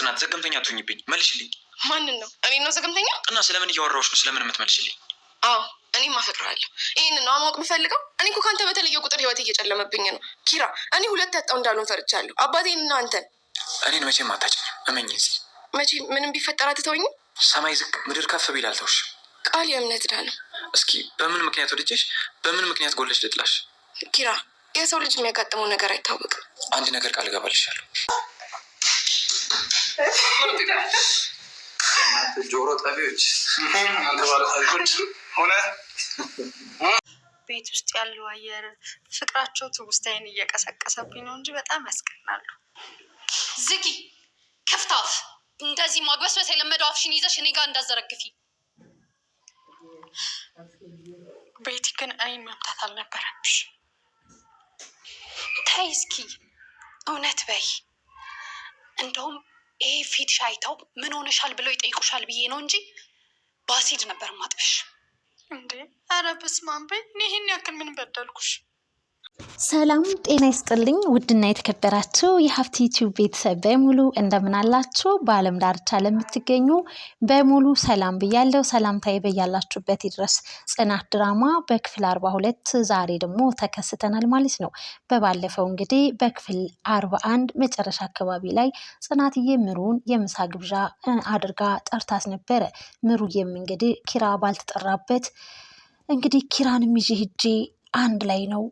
ጽናት ዘገምተኛ ትሁኝብኝ መልሽልኝ። ማንን ነው? እኔ ነው ዘገምተኛ? እና ስለምን እያወራሁሽ ነው? ስለምን የምትመልሽልኝ? አዎ እኔም አፈቅርሃለሁ። ይህን ነው ማወቅ የምፈልገው። እኔ እኮ ከአንተ በተለየ ቁጥር ህይወት እየጨለመብኝ ነው ኪራ። እኔ ሁለት ያጣው እንዳልሆን ፈርቻለሁ፣ አባቴንና አንተን። እኔን መቼም አታጭኝም፣ እመኝ። እዚህ መቼ ምንም ቢፈጠር አትተውኝም። ሰማይ ዝቅ ምድር ከፍ ቢል አልተውሽ። ቃል የእምነት ዳ ነው። እስኪ በምን ምክንያት ወድጄሽ፣ በምን ምክንያት ጎለሽ ልጥላሽ? ኪራ፣ የሰው ልጅ የሚያጋጥመው ነገር አይታወቅም። አንድ ነገር ቃል እገባልሻለሁ ጆሮ ጠቢዎች ሆነ ቤት ውስጥ ያለው አየር ፍቅራቸው ትውስታዬን እየቀሰቀሰብኝ ነው እንጂ በጣም ያስቀናሉ። ዝጊ ክፍት እንደዚህ ማግበስበስ የለመደው አፍሽን ይዘሽ እኔ ጋር እንዳዘረግፊ። ቤቲ ግን አይን መምታት አልነበረብሽ። ተይ እስኪ እውነት በይ። እንደውም ይሄ ፊትሽ አይተው ምን ሆነሻል ብለው ይጠይቁሻል ብዬ ነው እንጂ ባሲድ ነበር ማጥበሽ። እንዴ! ኧረ በስመ አብ! ይህን ያክል ምን በደልኩሽ? ሰላም ጤና ይስጥልኝ። ውድና የተከበራችሁ የሀብት ዩቲዩብ ቤተሰብ በሙሉ እንደምን አላችሁ? በዓለም ዳርቻ ለምትገኙ በሙሉ ሰላም ብያለሁ። ሰላምታዬ በያላችሁበት ይድረስ። ጽናት ድራማ በክፍል አርባ ሁለት ዛሬ ደግሞ ተከስተናል ማለት ነው። በባለፈው እንግዲህ በክፍል አርባ አንድ መጨረሻ አካባቢ ላይ ጽናትዬ ምሩን የምሳ ግብዣ አድርጋ ጠርታት ነበረ። ምሩዬም እንግዲህ ኪራ ባልተጠራበት እንግዲህ ኪራንም ይዤ ሂጄ አንድ ላይ ነው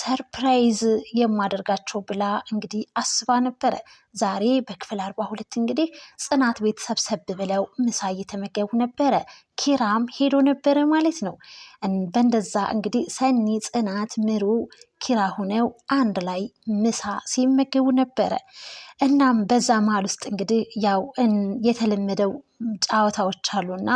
ሰርፕራይዝ የማደርጋቸው ብላ እንግዲህ አስባ ነበረ። ዛሬ በክፍል አርባ ሁለት እንግዲህ ጽናት ቤት ሰብሰብ ብለው ምሳ እየተመገቡ ነበረ። ኪራም ሄዶ ነበረ ማለት ነው። በእንደዛ እንግዲህ ሰኒ፣ ጽናት፣ ምሩ፣ ኪራ ሁነው አንድ ላይ ምሳ ሲመገቡ ነበረ። እናም በዛ መሀል ውስጥ እንግዲህ ያው የተለመደው ጨዋታዎች አሉና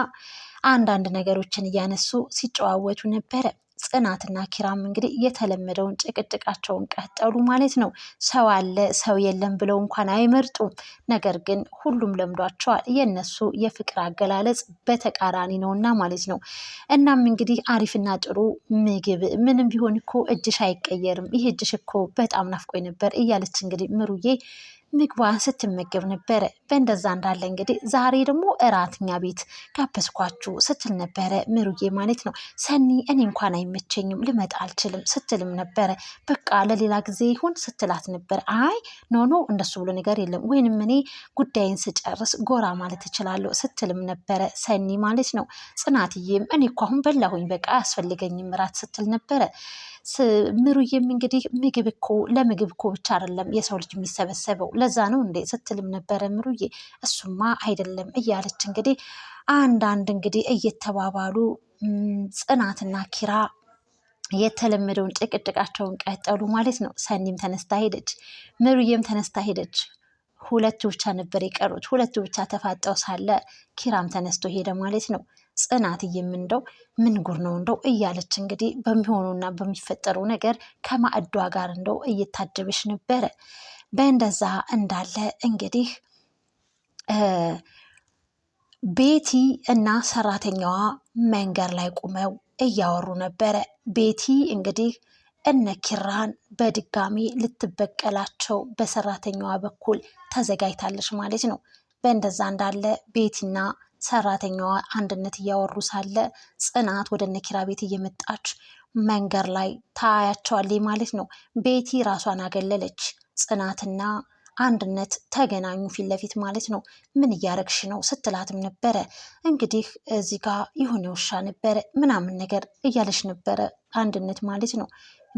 አንዳንድ ነገሮችን እያነሱ ሲጨዋወቱ ነበረ። ጽናትና ኪራም እንግዲህ የተለመደውን ጭቅጭቃቸውን ቀጠሉ ማለት ነው። ሰው አለ ሰው የለም ብለው እንኳን አይመርጡም። ነገር ግን ሁሉም ለምዷቸዋል። የነሱ የፍቅር አገላለጽ በተቃራኒ ነውና ማለት ነው። እናም እንግዲህ አሪፍና ጥሩ ምግብ ምንም ቢሆን እኮ እጅሽ አይቀየርም፣ ይህ እጅሽ እኮ በጣም ናፍቆኝ ነበር እያለች እንግዲህ ምሩዬ ምግቧን ስትመገብ ነበረ። በእንደዛ እንዳለ እንግዲህ ዛሬ ደግሞ እራትኛ ቤት ጋበዝኳችሁ ስትል ነበረ ምሩዬ ማለት ነው። ሰኒ እኔ እንኳን አይመቸኝም ልመጣ አልችልም ስትልም ነበረ። በቃ ለሌላ ጊዜ ይሁን ስትላት ነበረ። አይ ኖ ኖ እንደሱ ብሎ ነገር የለም ወይንም እኔ ጉዳይን ስጨርስ ጎራ ማለት እችላለሁ ስትልም ነበረ ሰኒ ማለት ነው። ጽናትዬም እኔ እኮ አሁን በላሁኝ በቃ አያስፈልገኝም እራት ስትል ነበረ። ምሩዬም እንግዲህ ምግብ እኮ ለምግብ እኮ ብቻ አይደለም የሰው ልጅ የሚሰበሰበው ለዛ ነው እንዴ ስትልም ነበረ ምሩዬ። እሱማ አይደለም እያለች እንግዲህ አንዳንድ እንግዲህ እየተባባሉ ጽናትና ኪራ የተለመደውን ጭቅጭቃቸውን ቀጠሉ ማለት ነው። ሰኒም ተነስታ ሄደች፣ ምሩዬም ተነስታ ሄደች። ሁለቱ ብቻ ነበር የቀሩት። ሁለቱ ብቻ ተፋጠው ሳለ ኪራም ተነስቶ ሄደ ማለት ነው። ጽናትዬም እንደው ምን ጉር ነው እንደው እያለች እንግዲህ በሚሆኑና በሚፈጠሩ ነገር ከማዕዷ ጋር እንደው እየታጀበች ነበረ። በእንደዛ እንዳለ እንግዲህ ቤቲ እና ሰራተኛዋ መንገድ ላይ ቁመው እያወሩ ነበረ። ቤቲ እንግዲህ እነ ኪራን በድጋሚ ልትበቀላቸው በሰራተኛዋ በኩል ተዘጋጅታለች ማለት ነው። በእንደዛ እንዳለ ቤቲና ሰራተኛዋ አንድነት እያወሩ ሳለ ጽናት ወደ ነኪራ ቤት እየመጣች መንገድ ላይ ታያቸዋለች ማለት ነው። ቤቲ ራሷን አገለለች። ጽናትና አንድነት ተገናኙ ፊት ለፊት ማለት ነው። ምን እያረግሽ ነው ስትላትም ነበረ። እንግዲህ እዚህ ጋ የሆነ ውሻ ነበረ ምናምን ነገር እያለች ነበረ አንድነት ማለት ነው።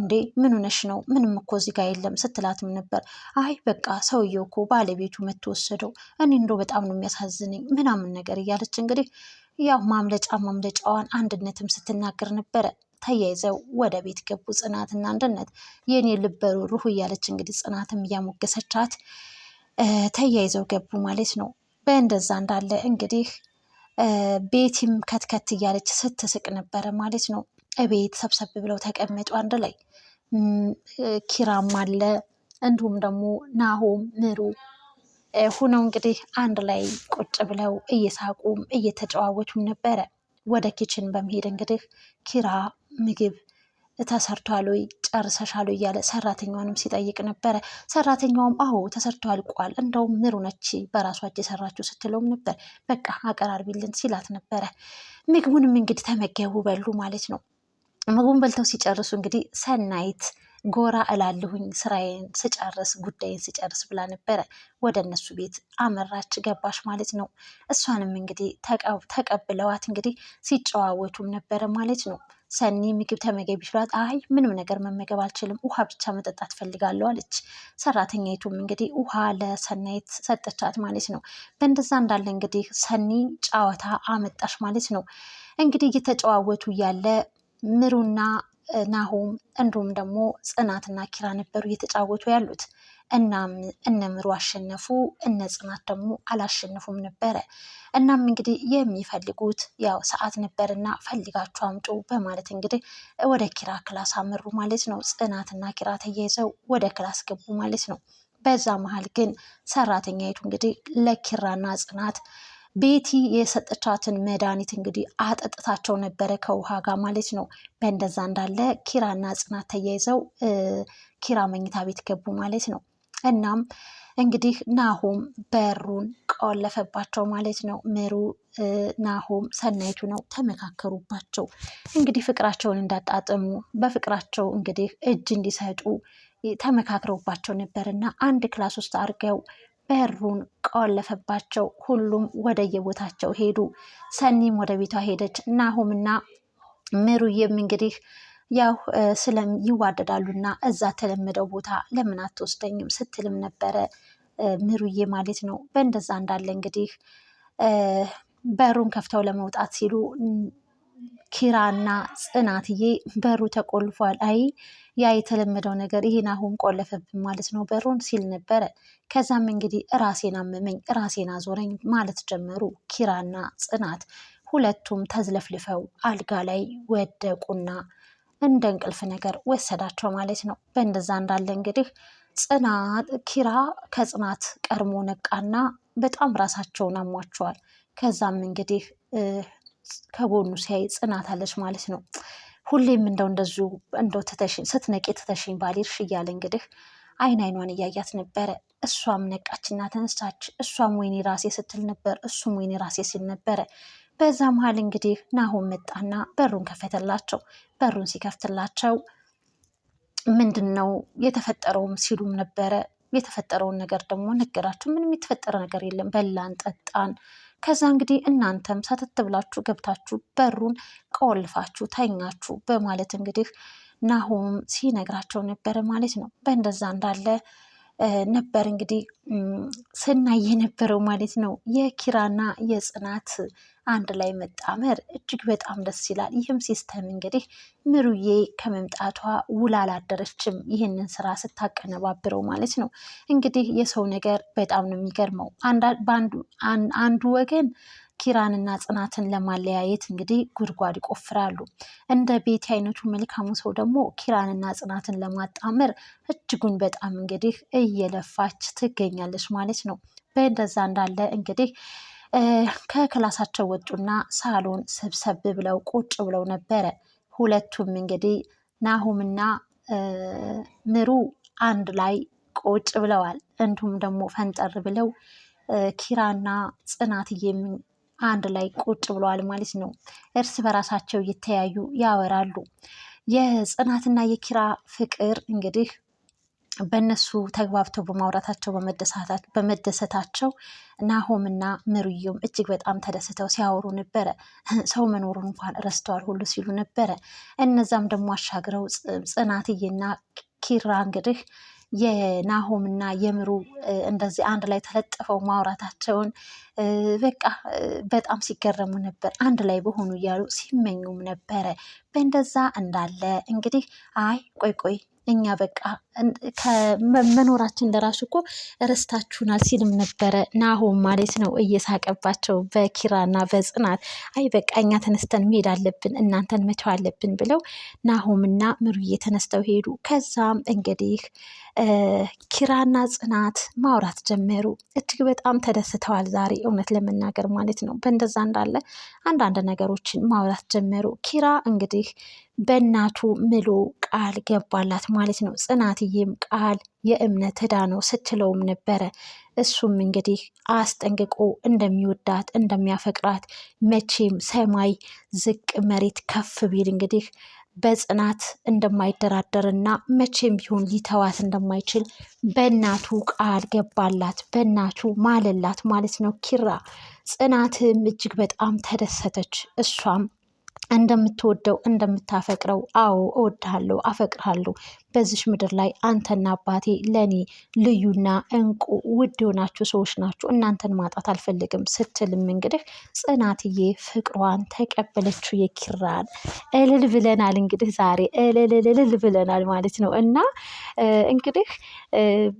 እንዴ ምን ሆነሽ ነው? ምንም እኮ እዚህ ጋር የለም ስትላትም ነበር። አይ በቃ ሰውየው እኮ ባለቤቱ መትወሰደው እኔ እንደው በጣም ነው የሚያሳዝነኝ ምናምን ነገር እያለች እንግዲህ ያው ማምለጫ ማምለጫዋን አንድነትም ስትናገር ነበረ። ተያይዘው ወደ ቤት ገቡ ጽናትና አንድነት። የኔ ልበሩ ሩህ እያለች እንግዲህ ጽናትም እያሞገሰቻት ተያይዘው ገቡ ማለት ነው። በእንደዛ እንዳለ እንግዲህ ቤቲም ከትከት እያለች ስትስቅ ነበረ ማለት ነው። እቤት ሰብሰብ ብለው ተቀመጡ አንድ ላይ። ኪራም አለ እንዲሁም ደግሞ ናሆም ምሩ ሁነው እንግዲህ አንድ ላይ ቁጭ ብለው እየሳቁም እየተጨዋወቱም ነበረ። ወደ ኪችን በመሄድ እንግዲህ ኪራ ምግብ ተሰርቷል ወይ ጨርሰሻል እያለ ሰራተኛዋንም ሲጠይቅ ነበረ። ሰራተኛውም አዎ ተሰርቶ አልቋል፣ እንደውም ምሩ ነች በራሷ እጅ የሰራችው ስትለውም ነበር። በቃ አቀራርቢልን ሲላት ነበረ። ምግቡንም እንግዲህ ተመገቡ በሉ ማለት ነው። ምግቡን በልተው ሲጨርሱ እንግዲህ ሰናይት ጎራ እላለሁኝ ስራዬን ስጨርስ ጉዳይን ስጨርስ ብላ ነበረ ወደ እነሱ ቤት አመራች ገባች ማለት ነው። እሷንም እንግዲህ ተቀብለዋት እንግዲህ ሲጨዋወቱም ነበረ ማለት ነው። ሰኒ ምግብ ተመገቢ ብላት፣ አይ ምንም ነገር መመገብ አልችልም ውሃ ብቻ መጠጣት ፈልጋለሁ አለች። ሰራተኛይቱም እንግዲህ ውሃ ለሰናይት ሰጠቻት ማለት ነው። በእንደዛ እንዳለ እንግዲህ ሰኒ ጨዋታ አመጣች ማለት ነው። እንግዲህ እየተጨዋወቱ እያለ ምሩና ናሆም እንዲሁም ደግሞ ጽናትና ኪራ ነበሩ እየተጫወቱ ያሉት። እናም እነ ምሩ አሸነፉ፣ እነ ጽናት ደግሞ አላሸነፉም ነበረ። እናም እንግዲህ የሚፈልጉት ያው ሰዓት ነበርና ፈልጋችሁ አምጡ በማለት እንግዲህ ወደ ኪራ ክላስ አመሩ ማለት ነው። ጽናትና ኪራ ተያይዘው ወደ ክላስ ገቡ ማለት ነው። በዛ መሀል ግን ሰራተኛይቱ እንግዲህ ለኪራና ጽናት ቤቲ የሰጠቻትን መድኃኒት እንግዲህ አጠጥታቸው ነበረ ከውሃ ጋር ማለት ነው። በእንደዛ እንዳለ ኪራና ጽናት ተያይዘው ኪራ መኝታ ቤት ገቡ ማለት ነው። እናም እንግዲህ ናሆም በሩን ቆለፈባቸው ማለት ነው። ምሩ ናሆም ሰናይቱ ነው ተመካከሩባቸው። እንግዲህ ፍቅራቸውን እንዳጣጥሙ በፍቅራቸው እንግዲህ እጅ እንዲሰጡ ተመካክረውባቸው ነበር እና አንድ ክላስ ውስጥ አድርገው በሩን ቆለፈባቸው። ሁሉም ወደየቦታቸው ሄዱ። ሰኒም ወደ ቤቷ ሄደች። ናሁምና ምሩዬም እንግዲህ ያው ስለም ይዋደዳሉና እዛ ተለመደው ቦታ ለምን አትወስደኝም ስትልም ነበረ ምሩዬ ማለት ነው። በእንደዛ እንዳለ እንግዲህ በሩን ከፍተው ለመውጣት ሲሉ ኪራና ጽናትዬ በሩ ተቆልፏል። አይ ያ የተለመደው ነገር ይሄን አሁን ቆለፈብን ማለት ነው በሩን ሲል ነበረ። ከዛም እንግዲህ ራሴን አመመኝ ራሴን አዞረኝ ማለት ጀመሩ ኪራና ጽናት። ሁለቱም ተዝለፍልፈው አልጋ ላይ ወደቁና እንደ እንቅልፍ ነገር ወሰዳቸው ማለት ነው። በእንደዛ እንዳለ እንግዲህ ጽናት ኪራ ከጽናት ቀድሞ ነቃና በጣም ራሳቸውን አሟቸዋል። ከዛም እንግዲህ ከጎኑ ሲያይ ጽናት አለች ማለት ነው። ሁሌም እንደው እንደዙ እንደው ትተሽኝ ስትነቂ ትተሽኝ ባልሄድሽ እያለ እንግዲህ አይን አይኗን እያያት ነበረ። እሷም ነቃችና ተነሳች። እሷም ወይኔ ራሴ ስትል ነበር፣ እሱም ወይኔ ራሴ ሲል ነበረ። በዛ መሀል እንግዲህ ናሆም መጣና በሩን ከፈተላቸው። በሩን ሲከፍትላቸው ምንድን ነው የተፈጠረውም ሲሉም ነበረ። የተፈጠረውን ነገር ደግሞ ነገራቸው። ምንም የተፈጠረ ነገር የለም፣ በላን ጠጣን ከዛ እንግዲህ እናንተም ሰተት ብላችሁ ገብታችሁ በሩን ቆልፋችሁ ተኛችሁ በማለት እንግዲህ ናሆም ሲነግራቸው ነበረ ማለት ነው። በእንደዛ እንዳለ ነበር እንግዲህ ስናይ የነበረው ማለት ነው። የኪራና የጽናት አንድ ላይ መጣመር እጅግ በጣም ደስ ይላል። ይህም ሲስተም እንግዲህ ምሩዬ ከመምጣቷ ውላ አላደረችም፣ ይህንን ስራ ስታቀነባብረው ማለት ነው። እንግዲህ የሰው ነገር በጣም ነው የሚገርመው። አንዱ ወገን ኪራንና ጽናትን ለማለያየት እንግዲህ ጉድጓድ ይቆፍራሉ። እንደ ቤቲ አይነቱ መልካሙ ሰው ደግሞ ኪራንና ጽናትን ለማጣመር እጅጉን በጣም እንግዲህ እየለፋች ትገኛለች ማለት ነው። በእንደዛ እንዳለ እንግዲህ ከክላሳቸው ወጡና ሳሎን ሰብሰብ ብለው ቁጭ ብለው ነበረ። ሁለቱም እንግዲህ ናሁምና ምሩ አንድ ላይ ቁጭ ብለዋል። እንዲሁም ደግሞ ፈንጠር ብለው ኪራና ጽናትዬም አንድ ላይ ቁጭ ብለዋል ማለት ነው። እርስ በራሳቸው እየተያዩ ያወራሉ። የጽናትና የኪራ ፍቅር እንግዲህ በእነሱ ተግባብተው በማውራታቸው በመደሰታቸው ናሆም እና ምሩዬም እጅግ በጣም ተደስተው ሲያወሩ ነበረ። ሰው መኖሩን እንኳን ረስተዋል ሁሉ ሲሉ ነበረ። እነዛም ደግሞ አሻግረው ጽናትዬና ኪራ እንግዲህ የናሆም እና የምሩ እንደዚህ አንድ ላይ ተለጥፈው ማውራታቸውን በቃ በጣም ሲገረሙ ነበር። አንድ ላይ በሆኑ እያሉ ሲመኙም ነበረ። በእንደዛ እንዳለ እንግዲህ አይ ቆይ ቆይ እኛ በቃ መኖራችን ለራሱ እኮ ረስታችሁናል ሲልም ነበረ ናሆም ማለት ነው እየሳቀባቸው በኪራና በጽናት አይ በቃ እኛ ተነስተን መሄድ አለብን እናንተን መቸው አለብን ብለው ናሆምና ምሩዬ ተነስተው ሄዱ። ከዛም እንግዲህ ኪራና ጽናት ማውራት ጀመሩ። እጅግ በጣም ተደስተዋል ዛሬ እውነት ለመናገር ማለት ነው። በእንደዛ እንዳለ አንዳንድ ነገሮችን ማውራት ጀመሩ። ኪራ እንግዲህ በእናቱ ምሎ ቃል ገባላት ማለት ነው ጽናት እናትዬም ቃል የእምነት ዕዳ ነው ስትለውም ነበረ። እሱም እንግዲህ አስጠንቅቆ እንደሚወዳት እንደሚያፈቅራት መቼም ሰማይ ዝቅ መሬት ከፍ ቢል እንግዲህ በጽናት እንደማይደራደርና መቼም ቢሆን ሊተዋት እንደማይችል በእናቱ ቃል ገባላት፣ በእናቱ ማለላት ማለት ነው ኪራ። ጽናትም እጅግ በጣም ተደሰተች። እሷም እንደምትወደው እንደምታፈቅረው፣ አዎ እወድሃለሁ፣ አፈቅርሃለሁ በዚሽ ምድር ላይ አንተና አባቴ ለእኔ ልዩና እንቁ ውድ የሆናችሁ ሰዎች ናችሁ፣ እናንተን ማጣት አልፈልግም ስትልም እንግዲህ ጽናትዬ ፍቅሯን ተቀበለችው። የኪራን እልል ብለናል እንግዲህ ዛሬ እልልልልል ብለናል ማለት ነው እና እንግዲህ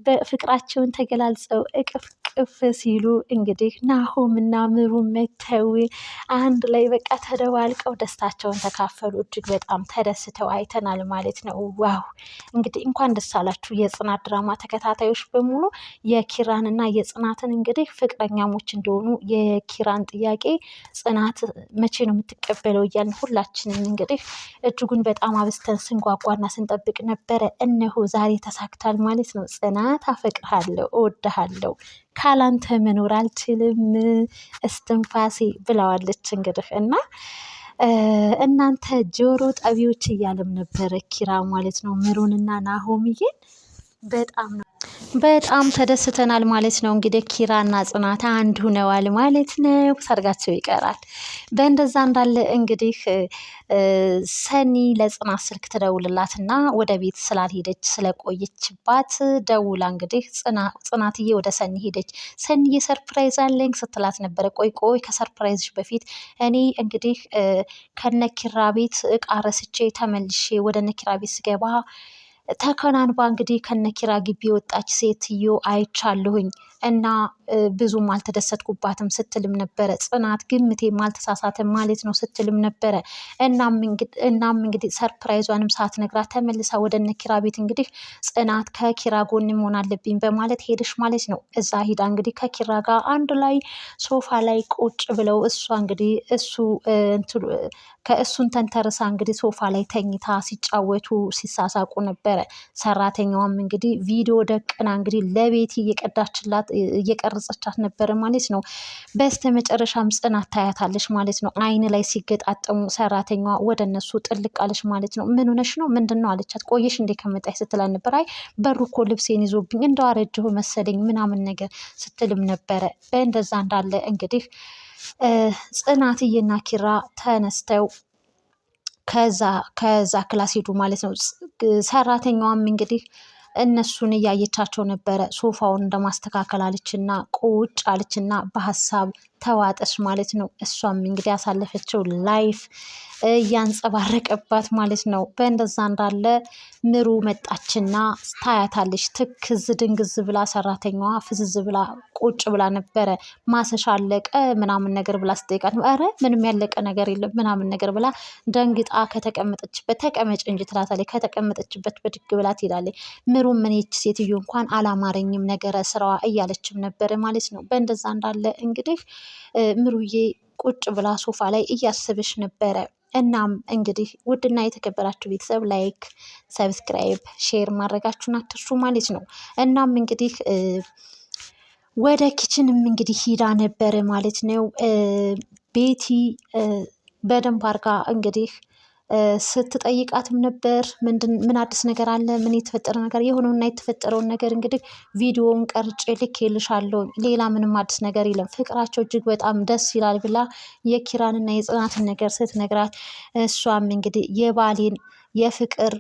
በፍቅራቸውን ተገላልጸው እቅፍ ቅፍ ሲሉ እንግዲህ ናሆም እና ምሩ መተዊ አንድ ላይ በቃ ተደባልቀው ደስታቸውን ተካፈሉ። እጅግ በጣም ተደስተው አይተናል ማለት ነው። ዋው እንግዲህ እንኳን ደስ አላችሁ የጽናት ድራማ ተከታታዮች በሙሉ የኪራን እና የጽናትን እንግዲህ ፍቅረኛሞች እንደሆኑ የኪራን ጥያቄ ጽናት መቼ ነው የምትቀበለው እያልን ሁላችንም እንግዲህ እጅጉን በጣም አብዝተን ስንጓጓና ስንጠብቅ ነበረ። እነሆ ዛሬ ተሳክታል ማለት ነው። ጽናት አፈቅርሃለሁ፣ እወድሃለሁ ካላንተ መኖር አልችልም እስትንፋሴ ብለዋለች እንግዲህ እና እናንተ ጆሮ ጠቢዎች እያለም ነበረ ኪራ ማለት ነው ምሩን እና ናሆምዬን በጣም ነው በጣም ተደስተናል ማለት ነው። እንግዲህ ኪራና ጽናት አንድ ሁነዋል ማለት ነው። ሰርጋቸው ይቀራል። በእንደዛ እንዳለ እንግዲህ ሰኒ ለጽናት ስልክ ትደውልላትና ወደ ቤት ስላልሄደች ስለቆየችባት ደውላ እንግዲህ ጽናትዬ ወደ ሰኒ ሄደች። ሰኒዬ ሰርፕራይዝ አለኝ ስትላት ነበረ። ቆይ ቆይ ከሰርፕራይዝሽ በፊት እኔ እንግዲህ ከነኪራ ቤት እቃ ረስቼ ተመልሼ ወደ ነኪራ ቤት ስገባ ተከናንባ እንግዲህ ከነኪራ ግቢ የወጣች ሴትዮ አይቻለሁኝ። እና ብዙም አልተደሰትኩባትም ስትልም ነበረ። ጽናት ግምቴ አልተሳሳተም ማለት ነው ስትልም ነበረ። እናም እንግዲህ ሰርፕራይዟንም ሳትነግራት ተመልሳ ወደ እነ ኪራ ቤት እንግዲህ ጽናት ከኪራ ጎን መሆን አለብኝ በማለት ሄደሽ ማለት ነው። እዛ ሂዳ እንግዲህ ከኪራ ጋር አንድ ላይ ሶፋ ላይ ቁጭ ብለው እሷ እንግዲህ እሱ ከእሱን ተንተርሳ እንግዲህ ሶፋ ላይ ተኝታ ሲጫወቱ ሲሳሳቁ ነበረ። ሰራተኛዋም እንግዲህ ቪዲዮ ደቅና እንግዲህ ለቤቲ እየቀዳችላት እየቀረጸቻት ነበረ ማለት ነው። በስተ መጨረሻም ጽናት ታያታለች ማለት ነው። አይን ላይ ሲገጣጠሙ ሰራተኛዋ ወደ እነሱ ጥልቅ አለች ማለት ነው። ምን ሆነሽ ነው ምንድን ነው አለቻት። ቆየሽ እንዴ ከመጣሽ ስትላል ነበር። አይ በሩ እኮ ልብሴን ይዞብኝ እንደው አረጀሁ መሰለኝ ምናምን ነገር ስትልም ነበረ። በእንደዛ እንዳለ እንግዲህ ጽናትዬና ኪራ ተነስተው ከዛ ከዛ ክላስ ሄዱ ማለት ነው። ሰራተኛዋም እንግዲህ እነሱን እያየቻቸው ነበረ። ሶፋውን እንደማስተካከል አለችና ቁጭ አለችና በሀሳብ ተዋጠች ማለት ነው። እሷም እንግዲህ ያሳለፈችው ላይፍ እያንጸባረቀባት ማለት ነው። በእንደዛ እንዳለ ምሩ መጣችና ታያታለች። ትክዝ ድንግዝ ብላ ሰራተኛዋ ፍዝዝ ብላ ቁጭ ብላ ነበረ። ማሰሻ አለቀ ምናምን ነገር ብላ ስጠይቃት ኧረ ምንም ያለቀ ነገር የለም ምናምን ነገር ብላ ደንግጣ ከተቀመጠችበት ተቀመጭ እንጂ ትላታለች። ከተቀመጠችበት ብድግ ብላ ትሄዳለች። ምሩ ምን ይች ሴትዮ እንኳን አላማረኝም ነገረ ስራዋ እያለችም ነበረ ማለት ነው። በእንደዛ እንዳለ እንግዲህ ምሩዬ ቁጭ ብላ ሶፋ ላይ እያሰበች ነበረ። እናም እንግዲህ ውድና የተከበራችሁ ቤተሰብ ላይክ፣ ሰብስክራይብ፣ ሼር ማድረጋችሁን አትርሱ ማለት ነው። እናም እንግዲህ ወደ ኪችንም እንግዲህ ሂዳ ነበረ ማለት ነው ቤቲ በደንብ አርጋ እንግዲህ ስትጠይቃትም ነበር። ምን አዲስ ነገር አለ? ምን የተፈጠረ ነገር የሆነውና የተፈጠረውን ነገር እንግዲህ ቪዲዮውን ቀርጬ ልኬልሻለሁ። ሌላ ምንም አዲስ ነገር የለም። ፍቅራቸው እጅግ በጣም ደስ ይላል ብላ የኪራንና የጽናትን ነገር ስትነግራት እሷም እንግዲህ የባሌን የፍቅር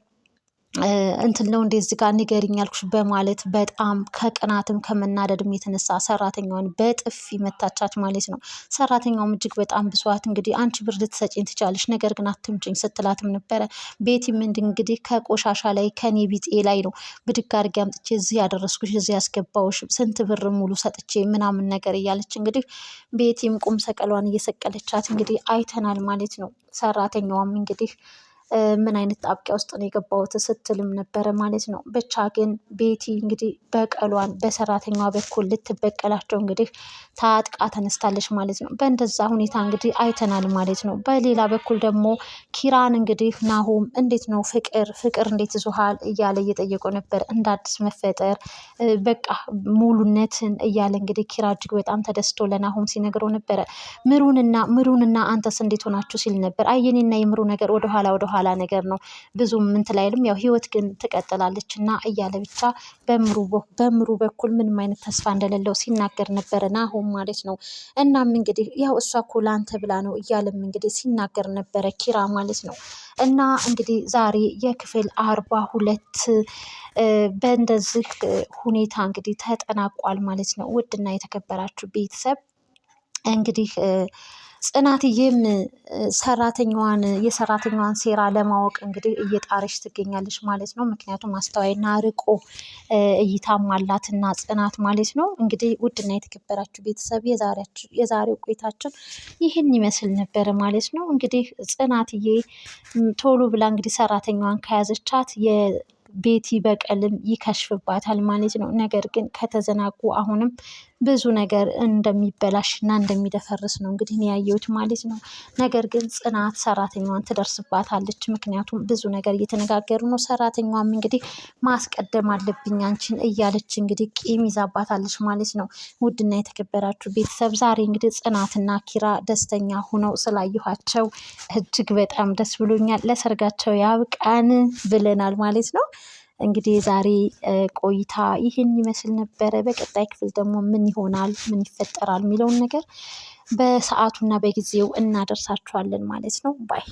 እንትን ነው እንዴ እዚህ ጋር ንገሪኝ ያልኩሽ በማለት በጣም ከቅናትም ከመናደድም የተነሳ ሰራተኛዋን በጥፊ መታቻት ማለት ነው። ሰራተኛውም እጅግ በጣም ብሷት እንግዲህ አንቺ ብር ልትሰጪኝ ትቻለሽ፣ ነገር ግን አትምጭኝ ስትላትም ነበረ። ቤቲም እንግዲህ ከቆሻሻ ላይ ከኔ ቢጤ ላይ ነው ብድግ አድርጌ አምጥቼ እዚህ ያደረስኩሽ፣ እዚህ ያስገባውሽ፣ ስንት ብር ሙሉ ሰጥቼ ምናምን ነገር እያለች እንግዲህ ቤቲም ቁም ሰቀሏን እየሰቀለቻት እንግዲህ አይተናል ማለት ነው። ሰራተኛዋም እንግዲህ ምን አይነት ጣብቂያ ውስጥ ነው የገባሁት ስትልም ነበረ ማለት ነው። ብቻ ግን ቤቲ እንግዲህ በቀሏን በሰራተኛዋ በኩል ልትበቀላቸው እንግዲህ ታጥቃ ተነስታለች ማለት ነው። በእንደዛ ሁኔታ እንግዲህ አይተናል ማለት ነው። በሌላ በኩል ደግሞ ኪራን እንግዲህ ናሆም እንዴት ነው ፍቅር ፍቅር እንዴት ይዞሃል እያለ እየጠየቀው ነበር። እንደ አዲስ መፈጠር በቃ ሙሉነትን እያለ እንግዲህ ኪራ እጅግ በጣም ተደስቶ ለናሆም ሲነግረው ነበረ። ምሩንና ምሩንና አንተስ እንዴት ሆናችሁ ሲል ነበር። አየኔና የምሩ ነገር ወደኋላ ወደኋላ የኋላ ነገር ነው። ብዙ ምንት ላይልም ያው ህይወት ግን ትቀጥላለች እና እያለ ብቻ በምሩ በኩል ምንም አይነት ተስፋ እንደሌለው ሲናገር ነበረ ናሆም ማለት ነው። እናም እንግዲህ ያው እሷ እኮ ለአንተ ብላ ነው እያለም እንግዲህ ሲናገር ነበረ ኪራ ማለት ነው። እና እንግዲህ ዛሬ የክፍል አርባ ሁለት በእንደዚህ ሁኔታ እንግዲህ ተጠናቋል ማለት ነው። ውድና የተከበራችሁ ቤተሰብ እንግዲህ ጽናትዬም ሰራተኛዋን የሰራተኛዋን ሴራ ለማወቅ እንግዲህ እየጣረች ትገኛለች ማለት ነው። ምክንያቱም አስተዋይና ርቆ እይታም አላትና ጽናት ማለት ነው። እንግዲህ ውድና የተከበራችሁ ቤተሰብ የዛሬው ቆይታችን ይህን ይመስል ነበር ማለት ነው። እንግዲህ ጽናትዬ ቶሎ ብላ እንግዲህ ሰራተኛዋን ከያዘቻት ቤቲ በቀልም ይከሽፍባታል ማለት ነው። ነገር ግን ከተዘናጉ አሁንም ብዙ ነገር እንደሚበላሽና እንደሚደፈርስ ነው እንግዲህ እኔ ያየሁት ማለት ነው። ነገር ግን ጽናት ሰራተኛዋን ትደርስባታለች። ምክንያቱም ብዙ ነገር እየተነጋገሩ ነው። ሰራተኛዋም እንግዲህ ማስቀደም አለብኝ አንቺን እያለች እንግዲህ ቂም ይዛባታለች ማለት ነው። ውድና የተከበራችሁ ቤተሰብ ዛሬ እንግዲህ ጽናትና ኪራ ደስተኛ ሆነው ስላየኋቸው እጅግ በጣም ደስ ብሎኛል። ለሰርጋቸው ያብቃን ብለናል ማለት ነው። እንግዲህ የዛሬ ቆይታ ይህን ይመስል ነበረ። በቀጣይ ክፍል ደግሞ ምን ይሆናል፣ ምን ይፈጠራል የሚለውን ነገር በሰዓቱና በጊዜው እናደርሳችኋለን ማለት ነው። ባይ